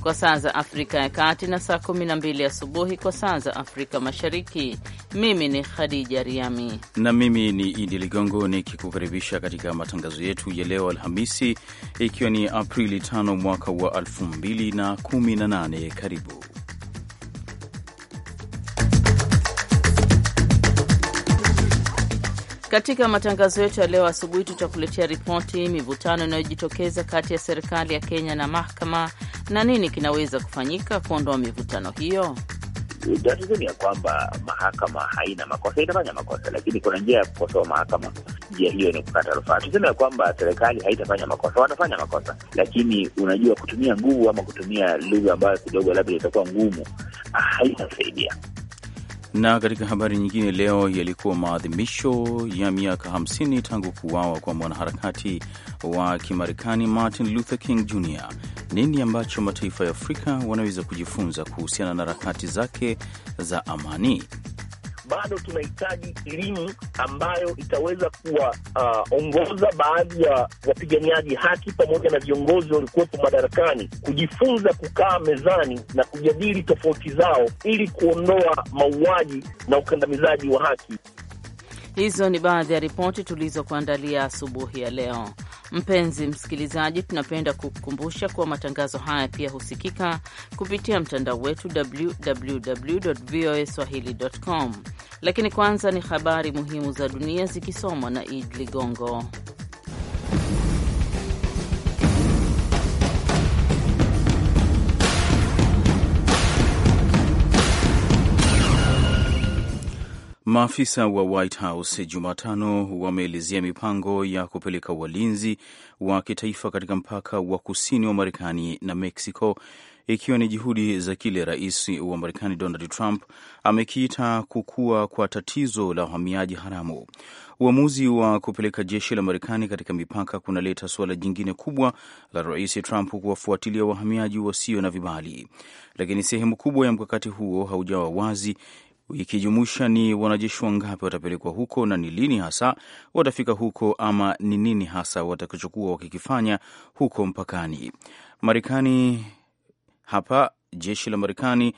kwa saa za Afrika ya Kati na saa 12 asubuhi kwa saa za Afrika Mashariki. Mimi ni Khadija Riami na mimi ni Idi Ligongo nikikukaribisha katika matangazo yetu ya leo Alhamisi, ikiwa ni Aprili 5 mwaka wa 2018. Karibu Katika matangazo yetu ya leo asubuhi, tutakuletea ripoti mivutano inayojitokeza kati ya serikali ya Kenya na mahakama na nini kinaweza kufanyika kuondoa mivutano hiyo. Tatizo ni ya kwamba mahakama haina makosa, itafanya makosa, lakini kuna njia ya kukosoa mahakama. Njia hiyo ni kukata rufaa. Tuseme ya kwamba serikali haitafanya makosa, watafanya makosa, lakini unajua, kutumia nguvu ama kutumia lugha ambayo kidogo labda itakuwa ngumu haitasaidia. Na katika habari nyingine, leo yalikuwa maadhimisho ya miaka 50 tangu kuuawa kwa mwanaharakati wa Kimarekani Martin Luther King Jr. Nini ambacho mataifa ya Afrika wanaweza kujifunza kuhusiana na harakati zake za amani? bado tunahitaji elimu ambayo itaweza kuwaongoza uh, baadhi ya wapiganiaji haki pamoja na viongozi waliokuwepo madarakani kujifunza kukaa mezani na kujadili tofauti zao ili kuondoa mauaji na ukandamizaji wa haki. Hizo ni baadhi ya ripoti tulizokuandalia asubuhi ya leo. Mpenzi msikilizaji, tunapenda kukukumbusha kuwa matangazo haya pia husikika kupitia mtandao wetu www voa swahili com lakini kwanza ni habari muhimu za dunia zikisomwa na id Ligongo. Maafisa wa White House Jumatano wameelezea mipango ya kupeleka walinzi wa kitaifa katika mpaka wa kusini wa Marekani na Mexico ikiwa ni juhudi za kile rais wa Marekani Donald Trump amekiita kukua kwa tatizo la uhamiaji haramu. Uamuzi wa kupeleka jeshi la Marekani katika mipaka kunaleta suala jingine kubwa la rais Trump kuwafuatilia wahamiaji wasio na vibali, lakini sehemu kubwa ya mkakati huo haujawa wazi ikijumuisha ni wanajeshi wangapi watapelekwa huko na ni lini hasa watafika huko, ama ni nini hasa watakachokuwa wakikifanya huko mpakani. Marekani hapa jeshi la Marekani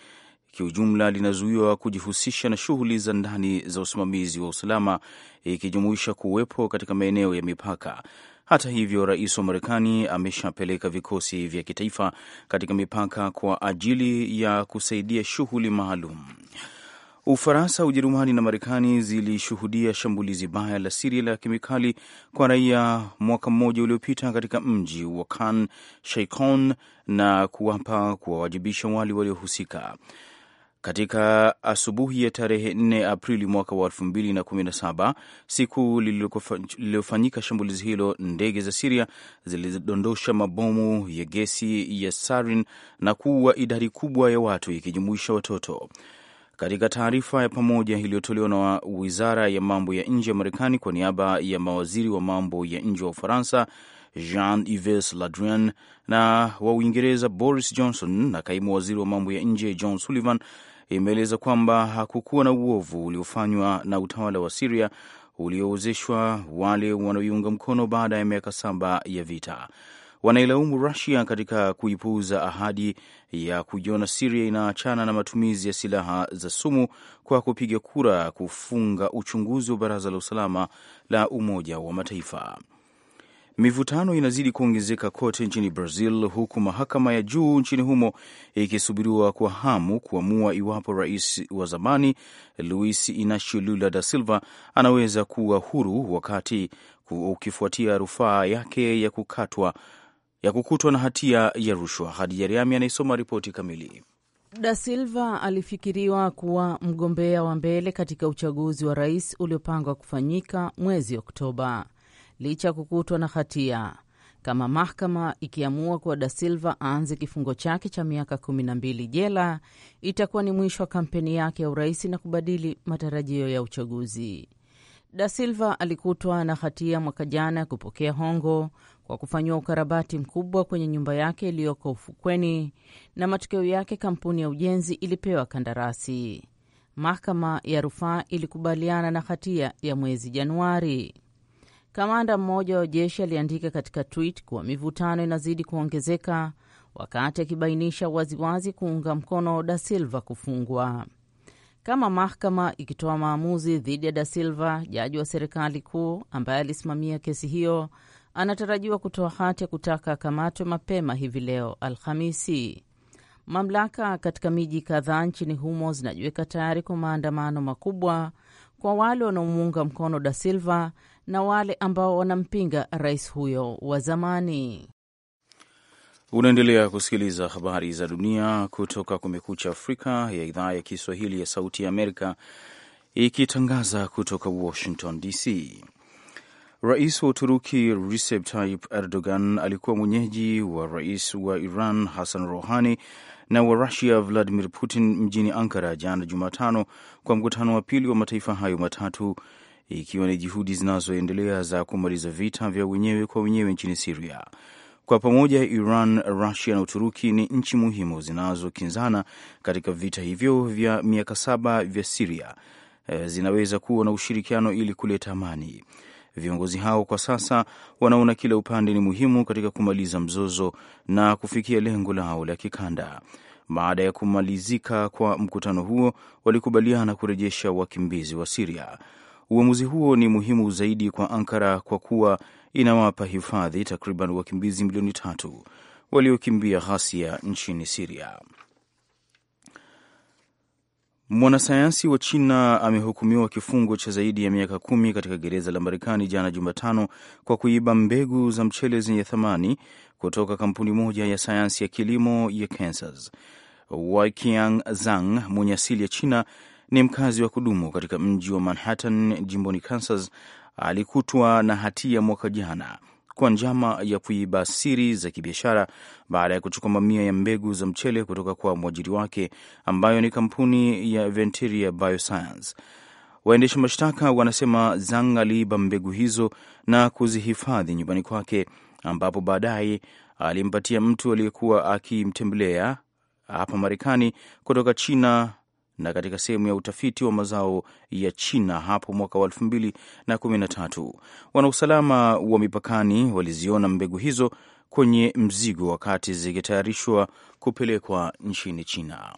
kiujumla linazuiwa kujihusisha na shughuli za ndani za usimamizi wa usalama ikijumuisha kuwepo katika maeneo ya mipaka. Hata hivyo, rais wa Marekani ameshapeleka vikosi vya kitaifa katika mipaka kwa ajili ya kusaidia shughuli maalum. Ufaransa, Ujerumani na Marekani zilishuhudia shambulizi baya la Siria la kemikali kwa raia mwaka mmoja uliopita katika mji wa Khan Sheikhoun na kuwapa kuwawajibisha wale waliohusika. Katika asubuhi ya tarehe 4 Aprili mwaka wa 2017, siku lililofanyika shambulizi hilo, ndege za Siria zilidondosha mabomu ya gesi ya sarin na kuua idadi kubwa ya watu ikijumuisha watoto. Katika taarifa ya pamoja iliyotolewa na wizara ya mambo ya nje ya Marekani kwa niaba ya mawaziri wa mambo ya nje wa Ufaransa Jean Yves Le Drian na wa Uingereza Boris Johnson na kaimu waziri wa mambo ya nje John Sullivan, imeeleza kwamba hakukuwa na uovu uliofanywa na utawala wa Siria uliowezeshwa wale wanaoiunga mkono baada ya miaka saba ya vita wanailaumu Rusia katika kuipuuza ahadi ya kujiona Siria inaachana na matumizi ya silaha za sumu kwa kupiga kura kufunga uchunguzi wa Baraza la Usalama la Umoja wa Mataifa. Mivutano inazidi kuongezeka kote nchini Brazil, huku mahakama ya juu nchini humo ikisubiriwa kwa hamu kuamua iwapo rais wa zamani Luis Inacio Lula da Silva anaweza kuwa huru wakati ukifuatia rufaa yake ya kukatwa ya kukutwa na hatia ya rushwa. Hadi Riami anaisoma ripoti kamili. Da Silva alifikiriwa kuwa mgombea wa mbele katika uchaguzi wa rais uliopangwa kufanyika mwezi Oktoba licha ya kukutwa na hatia, kama mahakama ikiamua kuwa Da Silva aanze kifungo chake cha miaka kumi na mbili jela, itakuwa ni mwisho wa kampeni yake ya urais na kubadili matarajio ya uchaguzi. Da Silva alikutwa na hatia mwaka jana ya kupokea hongo kwa kufanyiwa ukarabati mkubwa kwenye nyumba yake iliyoko ufukweni, na matokeo yake kampuni ya ujenzi ilipewa kandarasi. Mahakama ya rufaa ilikubaliana na hatia ya mwezi Januari. Kamanda mmoja wa jeshi aliandika katika tweet kuwa mivutano inazidi kuongezeka wakati akibainisha waziwazi kuunga mkono Da Silva kufungwa. Kama mahakama ikitoa maamuzi dhidi ya Da Silva, jaji wa serikali kuu ambaye alisimamia kesi hiyo anatarajiwa kutoa hati ya kutaka akamatwe mapema hivi leo Alhamisi. Mamlaka katika miji kadhaa nchini humo zinajiweka tayari kwa maandamano makubwa kwa wale wanaomuunga mkono Da Silva na wale ambao wanampinga rais huyo wa zamani. Unaendelea kusikiliza habari za dunia kutoka Kumekucha Afrika ya idhaa ya Kiswahili ya Sauti ya Amerika, ikitangaza kutoka Washington DC. Rais wa Uturuki Recep Tayyip Erdogan alikuwa mwenyeji wa rais wa Iran Hassan Rouhani na wa Rusia Vladimir Putin mjini Ankara jana Jumatano kwa mkutano wa pili wa mataifa hayo matatu ikiwa ni juhudi zinazoendelea za kumaliza vita vya wenyewe kwa wenyewe nchini Siria. Kwa pamoja Iran, Rusia na Uturuki ni nchi muhimu zinazokinzana katika vita hivyo vya miaka saba vya Siria, eh, zinaweza kuwa na ushirikiano ili kuleta amani. Viongozi hao kwa sasa wanaona kila upande ni muhimu katika kumaliza mzozo na kufikia lengo lao la kikanda. Baada ya kumalizika kwa mkutano huo, walikubaliana kurejesha wakimbizi wa Siria. Uamuzi huo ni muhimu zaidi kwa Ankara kwa kuwa inawapa hifadhi takriban wakimbizi milioni tatu waliokimbia ghasia nchini Siria. Mwanasayansi wa China amehukumiwa kifungo cha zaidi ya miaka kumi katika gereza la Marekani jana Jumatano kwa kuiba mbegu za mchele zenye thamani kutoka kampuni moja ya sayansi ya kilimo ya Kansas. wakiang Zhang mwenye asili ya China ni mkazi wa kudumu katika mji wa Manhattan jimboni Kansas. Alikutwa na hatia mwaka jana kwa njama ya kuiba siri za kibiashara baada ya kuchukua mamia ya mbegu za mchele kutoka kwa mwajiri wake ambayo ni kampuni ya Venteria Bioscience. Waendesha mashtaka wanasema Zhang aliiba mbegu hizo na kuzihifadhi nyumbani kwake, ambapo baadaye alimpatia mtu aliyekuwa akimtembelea hapa Marekani kutoka China na katika sehemu ya utafiti wa mazao ya China hapo mwaka wa tatu. Wanausalama wa mipakani waliziona mbegu hizo kwenye mzigo wakati zikitayarishwa kupelekwa nchini China.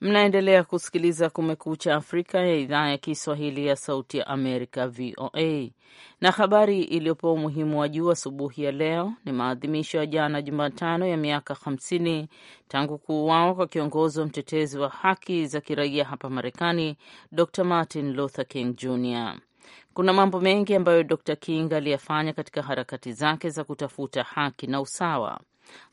Mnaendelea kusikiliza Kumekucha Afrika ya idhaa ya Kiswahili ya Sauti ya Amerika, VOA. Na habari iliyopewa umuhimu wa juu asubuhi ya leo ni maadhimisho ya jana Jumatano ya miaka 50 tangu kuuawa kwa kiongozi wa mtetezi wa haki za kiraia hapa Marekani, Dr Martin Luther King Jr. Kuna mambo mengi ambayo Dr. King aliyafanya katika harakati zake za kutafuta haki na usawa.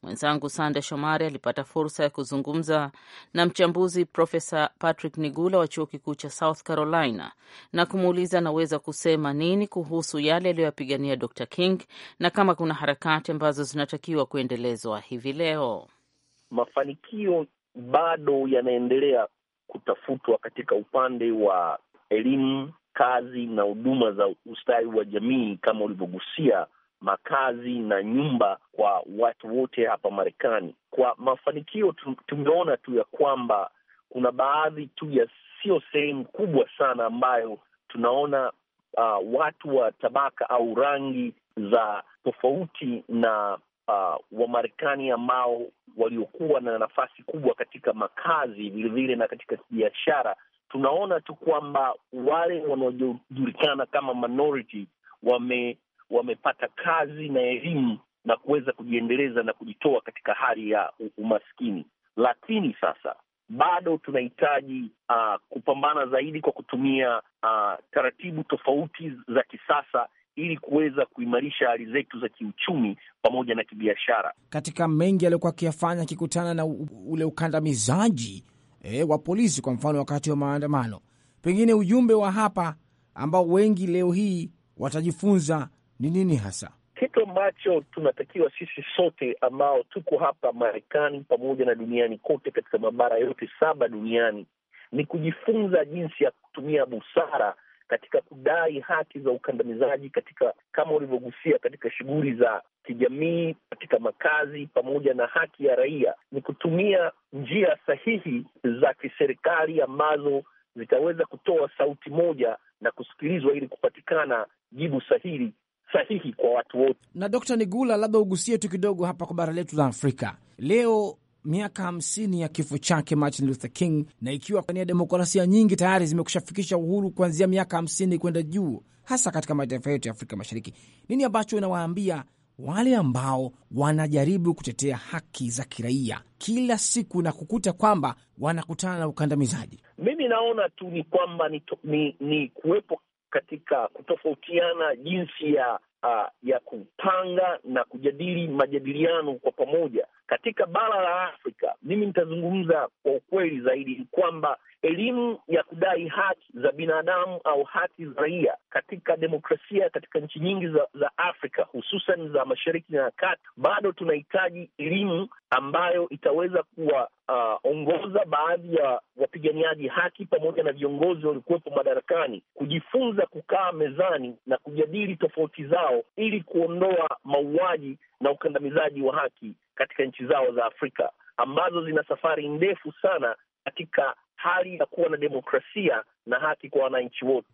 Mwenzangu Sande Shomari alipata fursa ya kuzungumza na mchambuzi Profesa Patrick Nigula wa chuo kikuu cha South Carolina na kumuuliza anaweza kusema nini kuhusu yale aliyoyapigania Dr. King na kama kuna harakati ambazo zinatakiwa kuendelezwa hivi leo. Mafanikio bado yanaendelea kutafutwa katika upande wa elimu kazi na huduma za ustawi wa jamii kama ulivyogusia makazi na nyumba kwa watu wote hapa Marekani. Kwa mafanikio tumeona tu ya kwamba kuna baadhi tu ya sio sehemu kubwa sana ambayo tunaona uh, watu wa tabaka au rangi za tofauti na uh, Wamarekani ambao waliokuwa na nafasi kubwa katika makazi vilevile na katika biashara tunaona tu kwamba wale wanaojulikana kama minority wame, wamepata kazi na elimu na kuweza kujiendeleza na kujitoa katika hali ya umaskini. Lakini sasa bado tunahitaji uh, kupambana zaidi kwa kutumia uh, taratibu tofauti za kisasa ili kuweza kuimarisha hali zetu za kiuchumi pamoja na kibiashara. Katika mengi aliyokuwa akiyafanya akikutana na ule ukandamizaji e, wa polisi, kwa mfano wakati wa maandamano. Pengine ujumbe wa hapa ambao wengi leo hii watajifunza ni nini hasa? Kitu ambacho tunatakiwa sisi sote ambao tuko hapa Marekani pamoja na duniani kote katika mabara yote saba duniani ni kujifunza jinsi ya kutumia busara katika kudai haki za ukandamizaji katika kama ulivyogusia katika shughuli za kijamii, katika makazi, pamoja na haki ya raia, ni kutumia njia sahihi za kiserikali ambazo zitaweza kutoa sauti moja na kusikilizwa ili kupatikana jibu sahihi sahihi kwa watu wote. Na dokta Nigula, labda ugusie tu kidogo hapa kwa bara letu la Afrika leo miaka hamsini ya kifo chake Martin Luther King, na ikiwa ya demokrasia nyingi tayari zimekushafikisha uhuru kuanzia miaka hamsini kwenda juu, hasa katika mataifa yetu ya Afrika Mashariki, nini ambacho unawaambia wale ambao wanajaribu kutetea haki za kiraia kila siku na kukuta kwamba wanakutana na ukandamizaji? Mimi naona tu ni kwamba ni, ni, ni kuwepo katika kutofautiana jinsi ya uh, ya kupanga na kujadili majadiliano kwa pamoja katika bara la Afrika. Mimi nitazungumza kwa ukweli zaidi kwamba elimu ya kudai haki za binadamu au haki za raia katika demokrasia katika nchi nyingi za, za Afrika hususan za mashariki na kati, bado tunahitaji elimu ambayo itaweza kuwaongoza uh, baadhi ya wapiganiaji haki pamoja na viongozi waliokuwepo madarakani kujifunza kukaa mezani na kujadili tofauti zao zao ili kuondoa mauaji na ukandamizaji wa haki katika nchi zao za Afrika ambazo zina safari ndefu sana katika hali ya kuwa na demokrasia na haki kwa wananchi wote.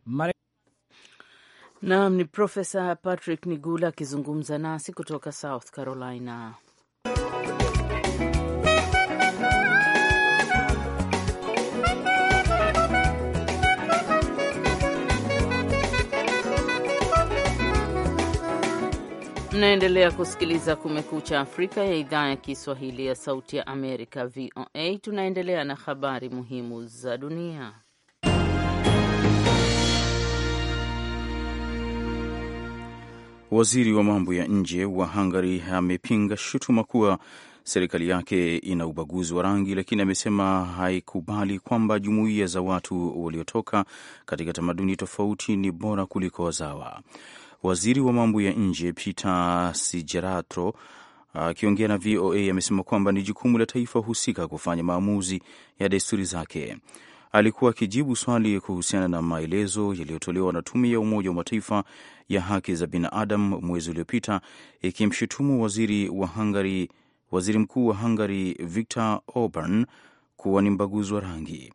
Naam, ni Profesa Patrick Nigula akizungumza nasi kutoka South Carolina. Mnaendelea kusikiliza Kumekucha Afrika ya idhaa ya Kiswahili ya Sauti ya Amerika, VOA. Tunaendelea na habari muhimu za dunia. Waziri wa mambo ya nje wa Hungary amepinga shutuma kuwa serikali yake ina ubaguzi wa rangi, lakini amesema haikubali kwamba jumuiya za watu waliotoka katika tamaduni tofauti ni bora kuliko wazawa. Waziri wa mambo ya nje Peter Sijeratro uh, akiongea na VOA amesema kwamba ni jukumu la taifa husika kufanya maamuzi ya desturi zake. Alikuwa akijibu swali kuhusiana na maelezo yaliyotolewa na tume ya Umoja wa Mataifa ya haki za binadamu mwezi uliopita ikimshutumu waziri wa Hungary, waziri mkuu wa Hungary Viktor Orban kuwa ni mbaguzi wa rangi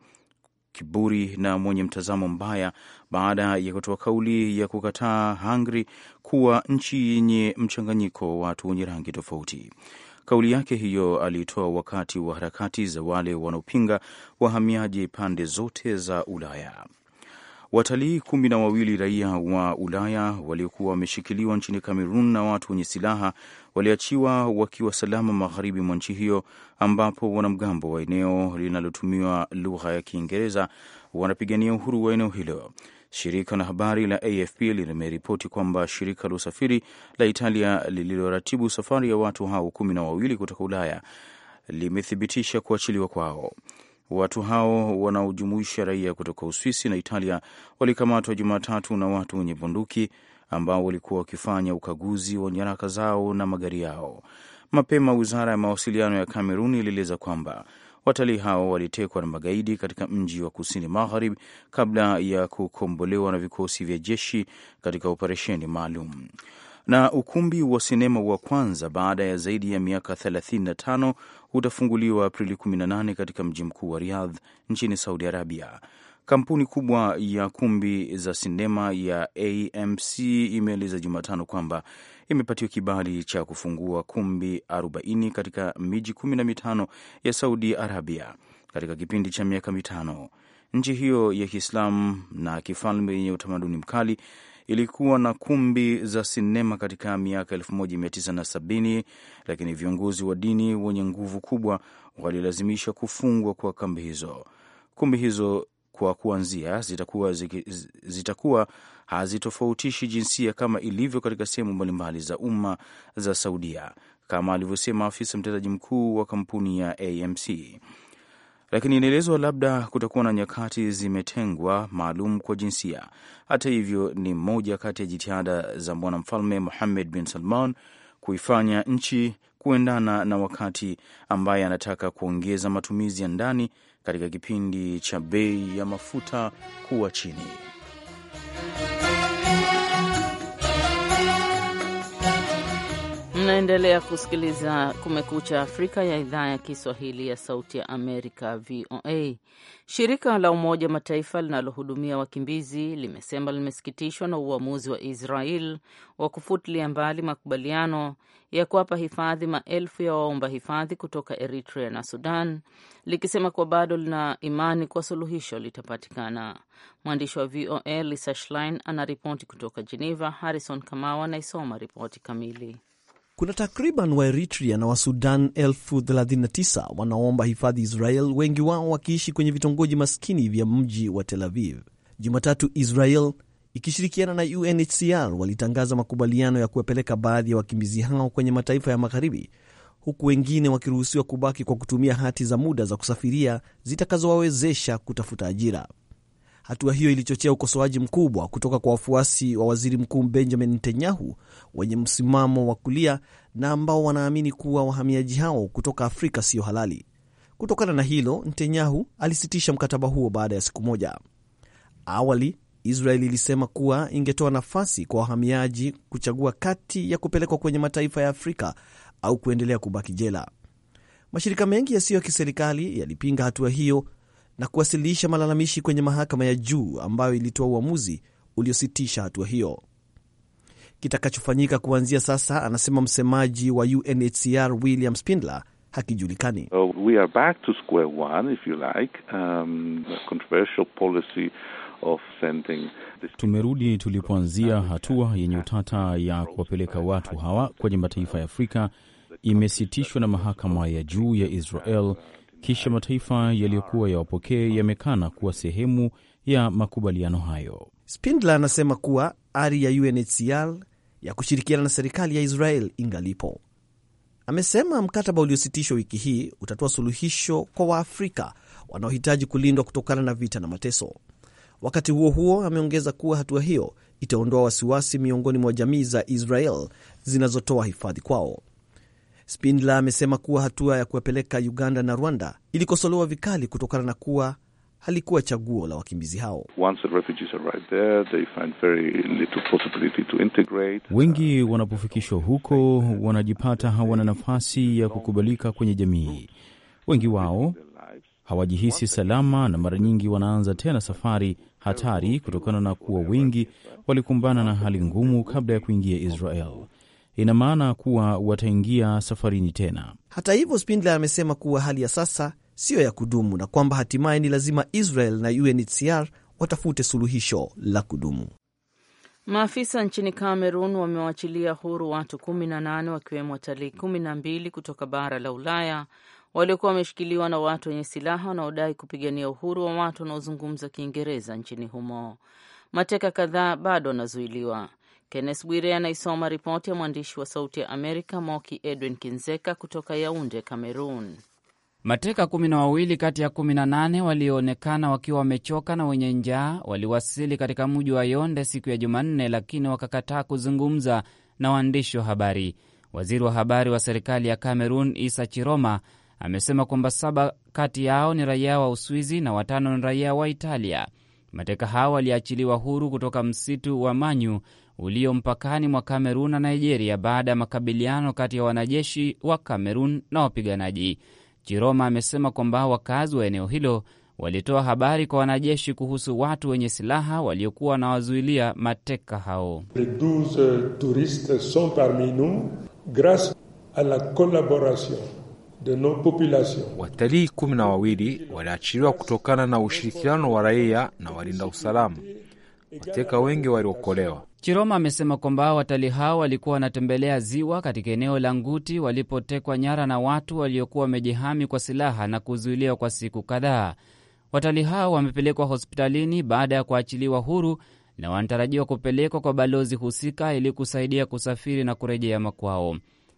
kiburi na mwenye mtazamo mbaya baada ya kutoa kauli ya kukataa Hungary kuwa nchi yenye mchanganyiko wa watu wenye rangi tofauti. Kauli yake hiyo aliitoa wakati wa harakati za wale wanaopinga wahamiaji pande zote za Ulaya. Watalii kumi na wawili raia wa Ulaya waliokuwa wameshikiliwa nchini Kamerun na watu wenye silaha waliachiwa wakiwa salama magharibi mwa nchi hiyo, ambapo wanamgambo wa eneo linalotumiwa lugha ya Kiingereza wanapigania uhuru wa eneo hilo. Shirika la habari la AFP limeripoti kwamba shirika la usafiri la Italia lililoratibu safari ya watu hao kumi na wawili kutoka Ulaya limethibitisha kuachiliwa kwao. Watu hao wanaojumuisha raia kutoka Uswisi na Italia walikamatwa Jumatatu na watu wenye bunduki ambao walikuwa wakifanya ukaguzi wa nyaraka zao na magari yao. Mapema wizara ya mawasiliano ya Kamerun ilieleza kwamba watalii hao walitekwa na magaidi katika mji wa kusini magharibi kabla ya kukombolewa na vikosi vya jeshi katika operesheni maalum na ukumbi wa sinema wa kwanza baada ya zaidi ya miaka 35 utafunguliwa Aprili 18 katika mji mkuu wa Riyadh nchini Saudi Arabia. Kampuni kubwa ya kumbi za sinema ya AMC imeeleza Jumatano kwamba imepatiwa kibali cha kufungua kumbi 40 katika miji 15 ya Saudi Arabia katika kipindi cha miaka mitano. Nchi hiyo ya Kiislamu na kifalme yenye utamaduni mkali ilikuwa na kumbi za sinema katika miaka 1970 lakini viongozi wa dini wenye nguvu kubwa walilazimisha kufungwa kwa kambi hizo. Kumbi hizo kwa kuanzia zitakuwa, zitakuwa hazitofautishi jinsia kama ilivyo katika sehemu mbalimbali za umma za Saudia, kama alivyosema afisa mtendaji mkuu wa kampuni ya AMC lakini inaelezwa labda kutakuwa na nyakati zimetengwa maalum kwa jinsia. Hata hivyo, ni moja kati ya jitihada za mwanamfalme muhamed bin Salman kuifanya nchi kuendana na wakati, ambaye anataka kuongeza matumizi ya ndani katika kipindi cha bei ya mafuta kuwa chini. Mnaendelea kusikiliza Kumekucha Afrika ya idhaa ya Kiswahili ya Sauti ya Amerika, VOA. Shirika la Umoja Mataifa linalohudumia wakimbizi limesema limesikitishwa na uamuzi wa Israel wa kufutilia mbali makubaliano ya kuwapa hifadhi maelfu ya waomba hifadhi kutoka Eritrea na Sudan, likisema kuwa bado lina imani kuwa suluhisho litapatikana. Mwandishi wa VOA Lisa Schlein anaripoti kutoka Geneva. Harrison Kamau anaisoma ripoti kamili. Kuna takriban waeritria na Wasudan elfu 39 wanaoomba hifadhi Israel, wengi wao wakiishi kwenye vitongoji maskini vya mji wa Tel Aviv. Jumatatu, Israel ikishirikiana na UNHCR walitangaza makubaliano ya kuwapeleka baadhi ya wakimbizi hao kwenye mataifa ya magharibi, huku wengine wakiruhusiwa kubaki kwa kutumia hati za muda za kusafiria zitakazowawezesha kutafuta ajira. Hatua hiyo ilichochea ukosoaji mkubwa kutoka kwa wafuasi wa waziri mkuu Benjamin Netanyahu wenye msimamo wa kulia na ambao wanaamini kuwa wahamiaji hao kutoka Afrika siyo halali. Kutokana na hilo, Netanyahu alisitisha mkataba huo baada ya siku moja. Awali Israel ilisema kuwa ingetoa nafasi kwa wahamiaji kuchagua kati ya kupelekwa kwenye mataifa ya Afrika au kuendelea kubaki jela. Mashirika mengi yasiyo ya kiserikali yalipinga hatua hiyo na kuwasilisha malalamishi kwenye mahakama ya juu ambayo ilitoa uamuzi uliositisha hatua hiyo. Kitakachofanyika kuanzia sasa, anasema msemaji wa UNHCR William Spindler, hakijulikani. we are back to square one, if you like, um, controversial policy of sending this... Tumerudi tulipoanzia. Hatua yenye utata ya kuwapeleka watu hawa kwenye mataifa ya Afrika imesitishwa na mahakama ya juu ya Israel kisha mataifa yaliyokuwa yawapokee yamekana kuwa sehemu ya makubaliano hayo. Spindler anasema kuwa ari ya UNHCR ya kushirikiana na serikali ya Israel ingalipo. Amesema mkataba uliositishwa wiki hii utatoa suluhisho kwa Waafrika wanaohitaji kulindwa kutokana na vita na mateso. Wakati huo huo, ameongeza kuwa hatua hiyo itaondoa wasiwasi miongoni mwa jamii za Israel zinazotoa hifadhi kwao. Spindler amesema kuwa hatua ya kuwapeleka Uganda na Rwanda ilikosolewa vikali kutokana na kuwa halikuwa chaguo la wakimbizi hao. Wengi wanapofikishwa huko wanajipata hawana nafasi ya kukubalika kwenye jamii. Wengi wao hawajihisi salama na mara nyingi wanaanza tena safari hatari kutokana na kuwa wengi walikumbana na hali ngumu kabla ya kuingia Israel ina maana kuwa wataingia safarini tena. Hata hivyo, Spindler amesema kuwa hali ya sasa siyo ya kudumu na kwamba hatimaye ni lazima Israel na UNHCR watafute suluhisho la kudumu. Maafisa nchini Cameroon wamewachilia huru watu 18 wakiwemo watalii kumi na mbili kutoka bara la Ulaya waliokuwa wameshikiliwa na watu wenye silaha wanaodai kupigania uhuru wa watu wanaozungumza Kiingereza nchini humo. Mateka kadhaa bado wanazuiliwa. Kennes Bwire anaisoma ripoti ya mwandishi wa Sauti ya Amerika Moki Edwin Kinzeka kutoka Yaunde, Kamerun. Mateka kumi na wawili kati ya kumi na nane walioonekana wakiwa wamechoka na wenye njaa waliwasili katika mji wa yonde siku ya Jumanne, lakini wakakataa kuzungumza na waandishi wa habari. Waziri wa habari wa serikali ya Kamerun Isa Chiroma amesema kwamba saba kati yao ni raia wa Uswizi na watano ni raia wa Italia. Mateka hao waliachiliwa huru kutoka msitu wa Manyu ulio mpakani mwa Kamerun na Nigeria baada ya makabiliano kati ya wanajeshi wa Kamerun na wapiganaji. Chiroma amesema kwamba wakazi wa eneo hilo walitoa habari kwa wanajeshi kuhusu watu wenye silaha waliokuwa wanawazuilia mateka hao. Watalii kumi na wawili waliachiliwa kutokana na ushirikiano wa raia na walinda usalama. Wateka wengi waliokolewa. Chiroma amesema kwamba watalii hao walikuwa wanatembelea ziwa katika eneo la Nguti walipotekwa nyara na watu waliokuwa wamejihami kwa silaha na kuzuiliwa kwa siku kadhaa. Watalii hao wamepelekwa hospitalini baada ya kuachiliwa huru na wanatarajiwa kupelekwa kwa balozi husika ili kusaidia kusafiri na kurejea makwao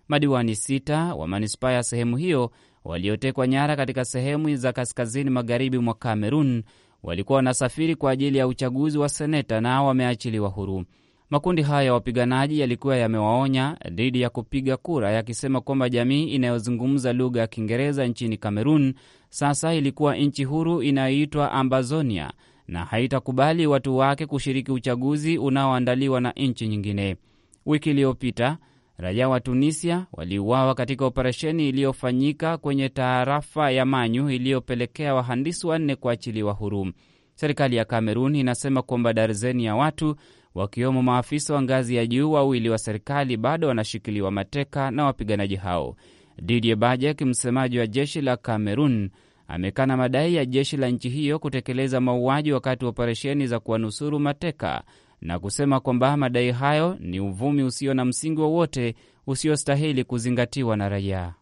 madiwani sita wa manispaa ya sehemu hiyo waliotekwa nyara katika sehemu za kaskazini magharibi mwa Kamerun walikuwa wanasafiri kwa ajili ya uchaguzi wa seneta, na wameachiliwa huru. Makundi haya ya wapiganaji yalikuwa yamewaonya dhidi ya kupiga kura, yakisema kwamba jamii inayozungumza lugha ya Kiingereza nchini Kamerun sasa ilikuwa nchi huru inayoitwa Ambazonia na haitakubali watu wake kushiriki uchaguzi unaoandaliwa na nchi nyingine. Wiki iliyopita Raia wa Tunisia waliuawa katika operesheni iliyofanyika kwenye taarafa ya Manyu iliyopelekea wahandisi wanne kuachiliwa huru. Serikali ya Kamerun inasema kwamba darzeni ya watu wakiwemo maafisa wa ngazi ya juu wawili wa serikali bado wanashikiliwa mateka na wapiganaji hao. Didier Bajek, msemaji wa jeshi la Kamerun, amekana madai ya jeshi la nchi hiyo kutekeleza mauaji wakati wa operesheni za kuwanusuru mateka na kusema kwamba madai hayo ni uvumi usio na msingi wowote usiostahili kuzingatiwa na raia.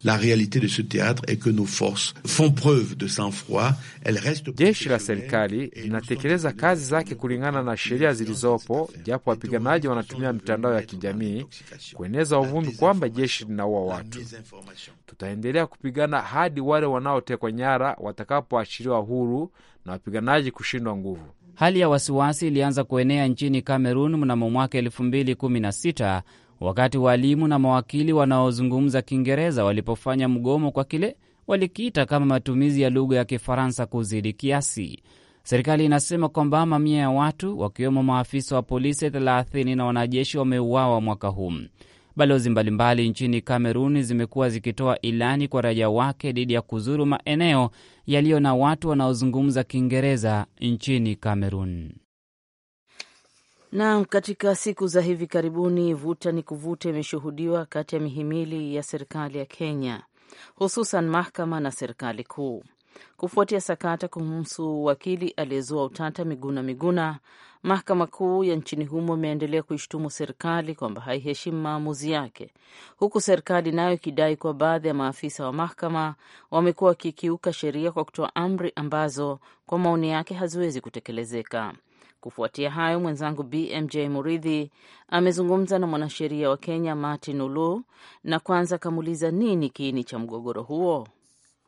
Jeshi la serikali linatekeleza kazi zake kulingana na sheria zilizopo, japo wapiganaji wanatumia mitandao ya kijamii kueneza uvumi kwamba jeshi linaua watu. Tutaendelea kupigana hadi wale wanaotekwa nyara watakapoachiliwa huru na wapiganaji kushindwa nguvu. Hali ya wasiwasi ilianza kuenea nchini Kamerun mnamo mwaka 2016 wakati waalimu na mawakili wanaozungumza Kiingereza walipofanya mgomo kwa kile walikiita kama matumizi ya lugha ya Kifaransa kuzidi kiasi. Serikali inasema kwamba mamia ya watu wakiwemo maafisa wa polisi 30 na wanajeshi wameuawa mwaka huu. Balozi mbalimbali nchini Kameruni zimekuwa zikitoa ilani kwa raia wake dhidi ya kuzuru maeneo yaliyo na watu wanaozungumza Kiingereza nchini Kamerun. Naam, katika siku za hivi karibuni vuta ni kuvuta imeshuhudiwa kati ya mihimili ya serikali ya Kenya, hususan mahakama na serikali kuu kufuatia sakata kumhusu wakili aliyezua utata Miguna Miguna Mahakama Kuu ya nchini humo imeendelea kuishtumu serikali kwamba haiheshimu maamuzi yake, huku serikali nayo ikidai kuwa baadhi ya maafisa wa mahakama wamekuwa wakikiuka sheria kwa kutoa amri ambazo kwa maoni yake haziwezi kutekelezeka. Kufuatia hayo, mwenzangu BMJ Muridhi amezungumza na mwanasheria wa Kenya Martin ulu na kwanza akamuuliza nini kiini cha mgogoro huo.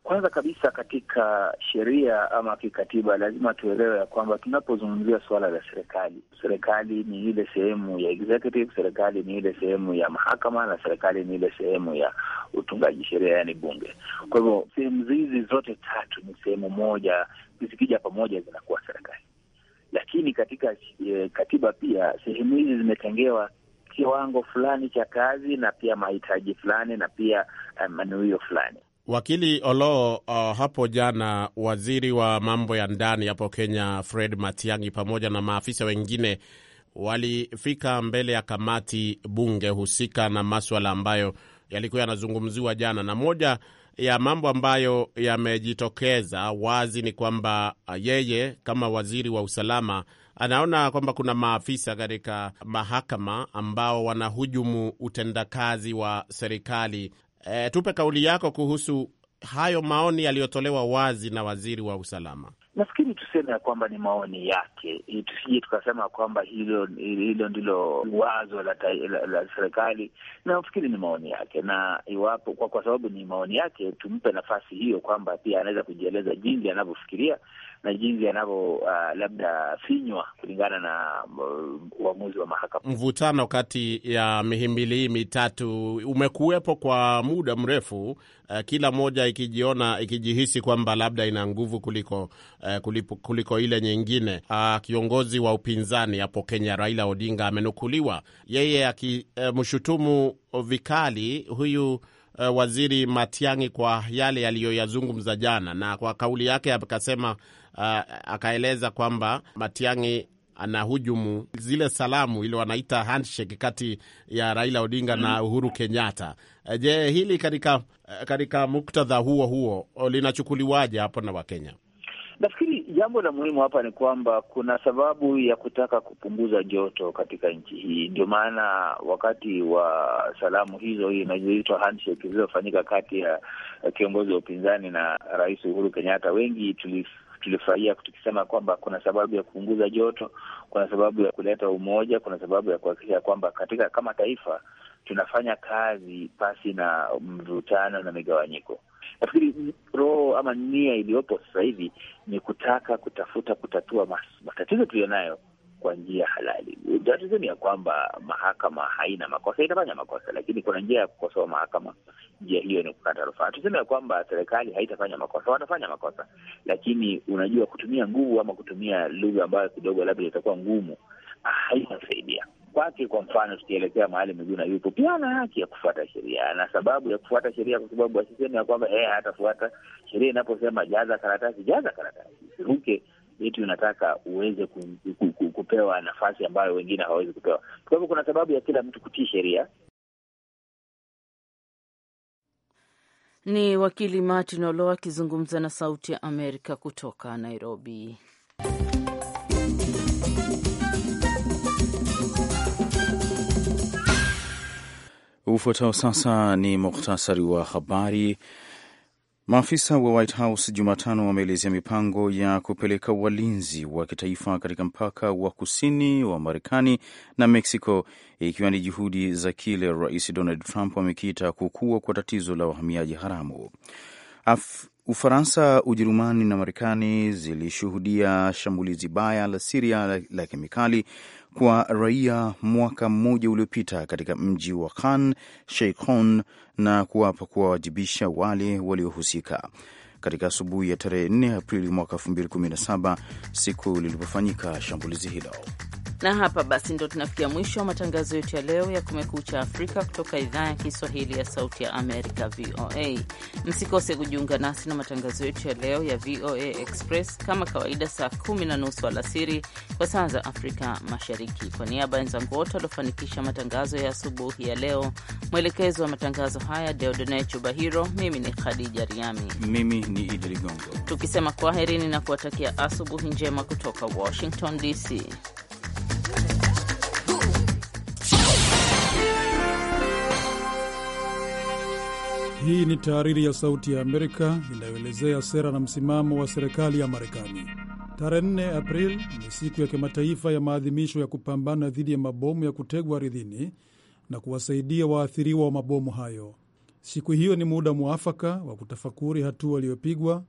Kwanza kabisa katika sheria ama kikatiba, lazima tuelewe ya kwamba tunapozungumzia suala la serikali, serikali ni ile sehemu ya executive, serikali ni ile sehemu ya mahakama, na serikali ni ile sehemu ya utungaji sheria, yaani bunge. Kwa hivyo sehemu hizi zote tatu ni sehemu moja, zikija pamoja zinakuwa serikali. Lakini katika e, katiba pia sehemu hizi zimetengewa kiwango fulani cha kazi na pia mahitaji fulani na pia eh, manuio fulani Wakili Oloo, uh, hapo jana waziri wa mambo ya ndani hapo Kenya Fred Matiang'i pamoja na maafisa wengine walifika mbele ya kamati bunge husika na maswala ambayo yalikuwa yanazungumziwa jana, na moja ya mambo ambayo yamejitokeza wazi ni kwamba uh, yeye kama waziri wa usalama anaona kwamba kuna maafisa katika mahakama ambao wanahujumu utendakazi wa serikali E, tupe kauli yako kuhusu hayo maoni yaliyotolewa wazi na waziri wa usalama. Nafikiri tuseme ya kwamba ni maoni yake, tusije tukasema kwamba hilo hilo ndilo wazo la, la, la serikali. Nafikiri ni maoni yake, na iwapo kwa, kwa sababu ni maoni yake tumpe nafasi hiyo kwamba pia anaweza kujieleza jinsi anavyofikiria na jinsi anavyo uh, labda finywa kulingana na uh, uamuzi wa mahakama. Mvutano kati ya mihimili hii mitatu umekuwepo kwa muda mrefu, uh, kila moja ikijiona ikijihisi kwamba labda ina nguvu kuliko, uh, kulipo, kuliko ile nyingine. Uh, kiongozi wa upinzani hapo Kenya Raila Odinga amenukuliwa yeye akimshutumu uh, vikali huyu uh, waziri Matiang'i kwa yale yaliyoyazungumza jana, na kwa kauli yake akasema uh, akaeleza kwamba Matiang'i anahujumu zile salamu ili wanaita handshake kati ya Raila Odinga mm. na Uhuru Kenyatta. Uh, je, hili katika uh, katika muktadha huo huo uh, linachukuliwaje hapo na Wakenya? Nafikiri jambo la muhimu hapa ni kwamba kuna sababu ya kutaka kupunguza joto katika nchi hii. Ndio maana wakati wa salamu hizo inazoitwa handshake zilizofanyika kati ya kiongozi wa upinzani na Rais Uhuru Kenyatta, wengi tuli tulifurahia tukisema kwamba kuna sababu ya kupunguza joto, kuna sababu ya kuleta umoja, kuna sababu ya kuhakikisha kwamba katika kama taifa tunafanya kazi pasi na mvutano na migawanyiko. Nafikiri roho ama nia iliyopo sasa hivi ni kutaka kutafuta kutatua matatizo tuliyonayo kwa njia halali. ni ya kwamba mahakama haina makosa, itafanya makosa, lakini kuna njia ya kukosoa mahakama. Njia hiyo ni kukata rufaa. Tuseme ya kwamba serikali haitafanya makosa, watafanya makosa, lakini unajua, kutumia nguvu ama kutumia lugha ambayo kidogo labda itakuwa ngumu haitasaidia kwake. Kwa mfano, tukielekea mahali Miguna yupo pia ana haki ya kufuata sheria, na sababu ya kufuata sheria, kwa sababu asiseme ya kwamba yeye eh, hatafuata sheria. Inaposema jaza karatasi, jaza karatasi, usiruke eti unataka uweze ku, ku, ku, kupewa nafasi ambayo wengine hawawezi kupewa. Kwa hivyo kuna sababu ya kila mtu kutii sheria. Ni wakili Martin Olo akizungumza na Sauti ya Amerika kutoka Nairobi. Ufuatao sasa ni muhtasari wa habari. Maafisa wa White House Jumatano wameelezea mipango ya kupeleka walinzi wa kitaifa katika mpaka wa kusini wa Marekani na Mexico, ikiwa ni juhudi za kile Rais Donald Trump amekiita kukua kwa tatizo la wahamiaji haramu. Af Ufaransa, Ujerumani na Marekani zilishuhudia shambulizi baya la Siria la kemikali kwa raia mwaka mmoja uliopita katika mji wa Khan Sheikhoun na kuwapa kuwawajibisha wale waliohusika. Katika asubuhi ya tarehe 4 Aprili mwaka 2017, siku lilipofanyika shambulizi hilo. Na hapa basi ndo tunafikia mwisho wa matangazo yetu ya leo ya Kumekucha Afrika kutoka idhaa ya Kiswahili ya Sauti ya Amerika, VOA. Msikose kujiunga nasi na matangazo yetu ya leo ya VOA Express kama kawaida, saa kumi na nusu alasiri kwa saa za Afrika Mashariki. Kwa niaba ya wenzangu wote waliofanikisha matangazo ya asubuhi ya leo, mwelekezo wa matangazo haya Deodone Chubahiro, mimi ni Khadija Riami, mimi ni Idi Ligongo, tukisema kwaherini na kuwatakia asubuhi njema kutoka Washington DC. Hii ni taariri ya Sauti ya Amerika inayoelezea sera na msimamo wa serikali ya Marekani. Tarehe 4 April ni siku ya kimataifa ya maadhimisho ya kupambana dhidi ya mabomu ya kutegwa ardhini na kuwasaidia waathiriwa wa mabomu hayo. Siku hiyo ni muda mwafaka wa kutafakuri hatua iliyopigwa,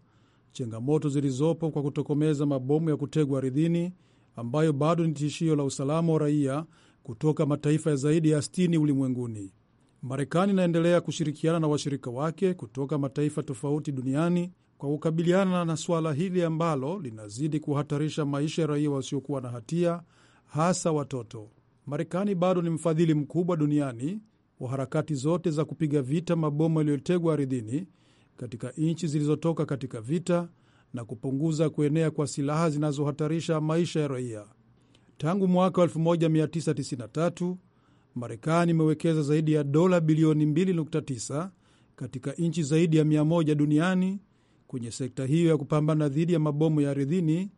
changamoto zilizopo kwa kutokomeza mabomu ya kutegwa ardhini ambayo bado ni tishio la usalama wa raia kutoka mataifa ya zaidi ya 60 ulimwenguni. Marekani inaendelea kushirikiana na washirika wake kutoka mataifa tofauti duniani kwa kukabiliana na suala hili ambalo linazidi kuhatarisha maisha ya raia wasiokuwa na hatia, hasa watoto. Marekani bado ni mfadhili mkubwa duniani wa harakati zote za kupiga vita mabomu yaliyotegwa ardhini katika nchi zilizotoka katika vita na kupunguza kuenea kwa silaha zinazohatarisha maisha ya raia. Tangu mwaka Marekani imewekeza zaidi ya dola bilioni 2.9 katika nchi zaidi ya 100 duniani kwenye sekta hiyo ya kupambana dhidi ya mabomu ya ardhini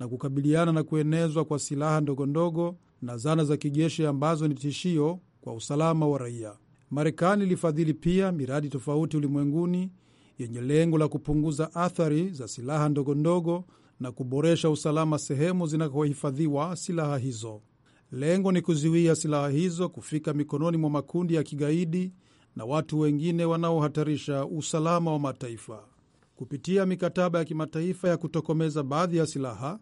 na kukabiliana na kuenezwa kwa silaha ndogondogo na zana za kijeshi ambazo ni tishio kwa usalama wa raia. Marekani ilifadhili pia miradi tofauti ulimwenguni yenye lengo la kupunguza athari za silaha ndogondogo na kuboresha usalama sehemu zinakohifadhiwa silaha hizo. Lengo ni kuziwia silaha hizo kufika mikononi mwa makundi ya kigaidi na watu wengine wanaohatarisha usalama wa mataifa. Kupitia mikataba ya kimataifa ya kutokomeza baadhi ya silaha,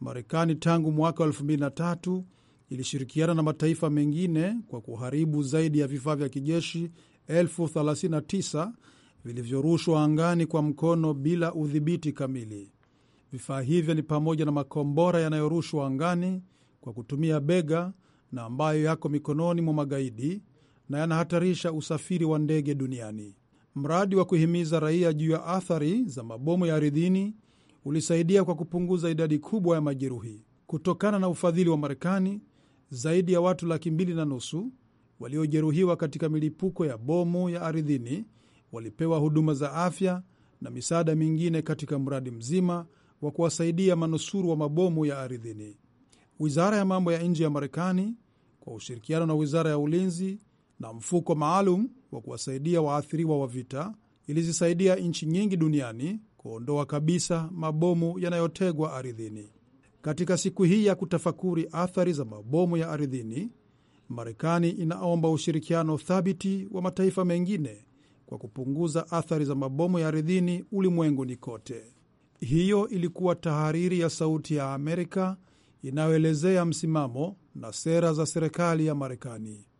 Marekani tangu mwaka 2003 ilishirikiana na mataifa mengine kwa kuharibu zaidi ya vifaa vya kijeshi 39 vilivyorushwa angani kwa mkono bila udhibiti kamili. Vifaa hivyo ni pamoja na makombora yanayorushwa angani, kwa kutumia bega na ambayo yako mikononi mwa magaidi na yanahatarisha usafiri wa ndege duniani. Mradi wa kuhimiza raia juu ya athari za mabomu ya ardhini ulisaidia kwa kupunguza idadi kubwa ya majeruhi. Kutokana na ufadhili wa Marekani, zaidi ya watu laki mbili na nusu waliojeruhiwa katika milipuko ya bomu ya ardhini walipewa huduma za afya na misaada mingine katika mradi mzima wa kuwasaidia manusuru wa mabomu ya ardhini wizara ya mambo ya nje ya Marekani kwa ushirikiano na wizara ya ulinzi na mfuko maalum wa kuwasaidia waathiriwa wa vita ilizisaidia nchi nyingi duniani kuondoa kabisa mabomu yanayotegwa ardhini. Katika siku hii ya kutafakuri athari za mabomu ya ardhini, Marekani inaomba ushirikiano thabiti wa mataifa mengine kwa kupunguza athari za mabomu ya ardhini ulimwenguni kote. Hiyo ilikuwa tahariri ya Sauti ya Amerika inayoelezea msimamo na sera za serikali ya Marekani.